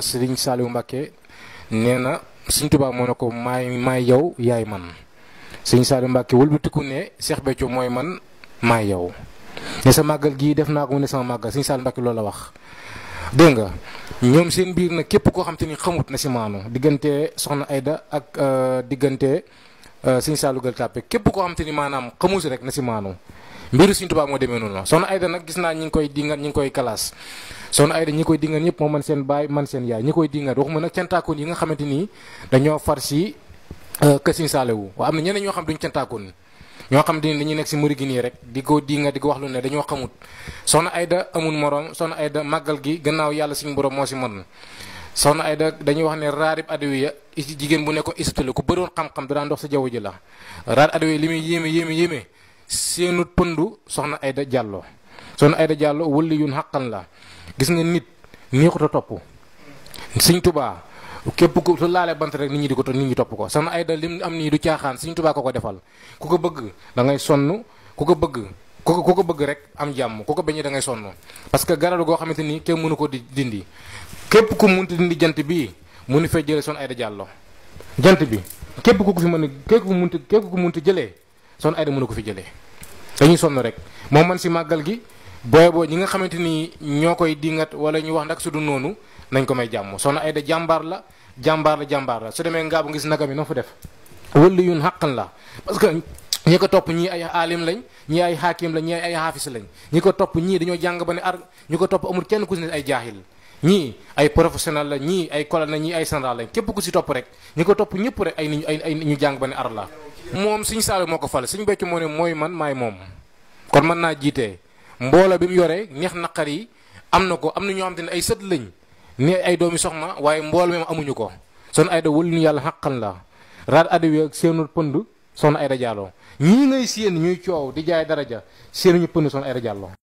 Sëriñ Saliou Mbacké nee na Sëriñ Tuubaa moo ne ko maay maay yow yaay man Sëriñ Saliou Mbacké wëlbatiku ne Cheikh Béthio mooy man maay yow ne sa màggal gii def naa ko mu ne sama màggal Sëriñ Saliou Mbacké loolu la wax dégg nga ñoom seen biir nag képp koo xam te ni xamut na si maanu diggante soxna ayda ak euh, diggante euh, Sëriñ Saliou Gueule Tapée képp koo xam te ni maanaam xamu rek na si maanu mbiru Sëriñ Tuubaa moo demee noonu soxna Aida nag gis naa ñi ngi koy dingat ñi ngi koy kalaas soxna Aida ñi koy dingat ñëpp moo man seen baay man seen yaay ñi koy dingat nii euh, am na ñeneen ñoo xam duñ cantaakoon ñoo xam ne dañuy nekk si muri gi nii rek di ko di di ko wax lu ne dañoo xamut soxna Aida amul morom soxna Aida màggal gi gannaaw yàlla suñu borom moo si mën soxna Aida dañu wax ne raarib adawiya jigéen bu nekkoon isiptale ku bëroon xam-xam da daan dox sa jaww ji la raar adawiya li muy yéeme yéeme yéeme seenu pëndu soxna Aida Diallo soxna Aida Diallo wëlli yun xaqan la gis nga nit neexut a topp Sëñ Tuubaa képp ku su laalee bant rek nit ñi di ko nit ñi topp ko soxna Aida lim am nii du caaxaan Sëñ Tuubaa ko ko defal ku ko bëgg da ngay sonn ku ko bëgg ku ko ko bëgg rek am jàmm ku ko bañee da ngay sonn parce que garab goo xamante ni kenn mënu ko di dindi képp ku munti dindi jant bii mënu fee jëlee soxna Aida Diallo jant bi képp ko fi mën a képp ku munti képp ku munti jëlee Soxna Aida mënu ko fi jëlee dañuy sonn rek moo man si màggal gi booy boo ñi nga xamante ni ñoo koy dingat wala ñu wax nag su du noonu nañ ko may jàmm Soxna Aida jàmbaar la jàmbaar la jàmbaar la su demee ngaa bu gis naka mi na fa def wëllu yun xàqan la parce que ñi ko topp ñii ay aalim lañ ñii ay xaakim lañ ñii ay xaafis lañ ñi ko topp ñii dañoo jàng ba ne ar ñi ko topp amul kenn ku si ne ay jaaxil ñii ay professionnel la ñii ay colonel ñii ay général lañ képp ku si topp rek ñi ko topp ñëpp rek ay ni ay ñu jàng ba ne ar la moom suñ Saliou moo ko fal suñ becc moo ne mooy man maay moom kon mën naa jiite mboola bi mu yore neex naqar yi am na ko am na ñoo xam te ne ay sët lañ ne ay doomi soxna waaye mbooloo mi amuñu ko son ay da wël ñu yàlla xàqan la raad adawi ak seenul pënd son ay da jàlloo ñii ngay séen ñuy coow di jaay daraja séenuñu pënd son ay da jàlloo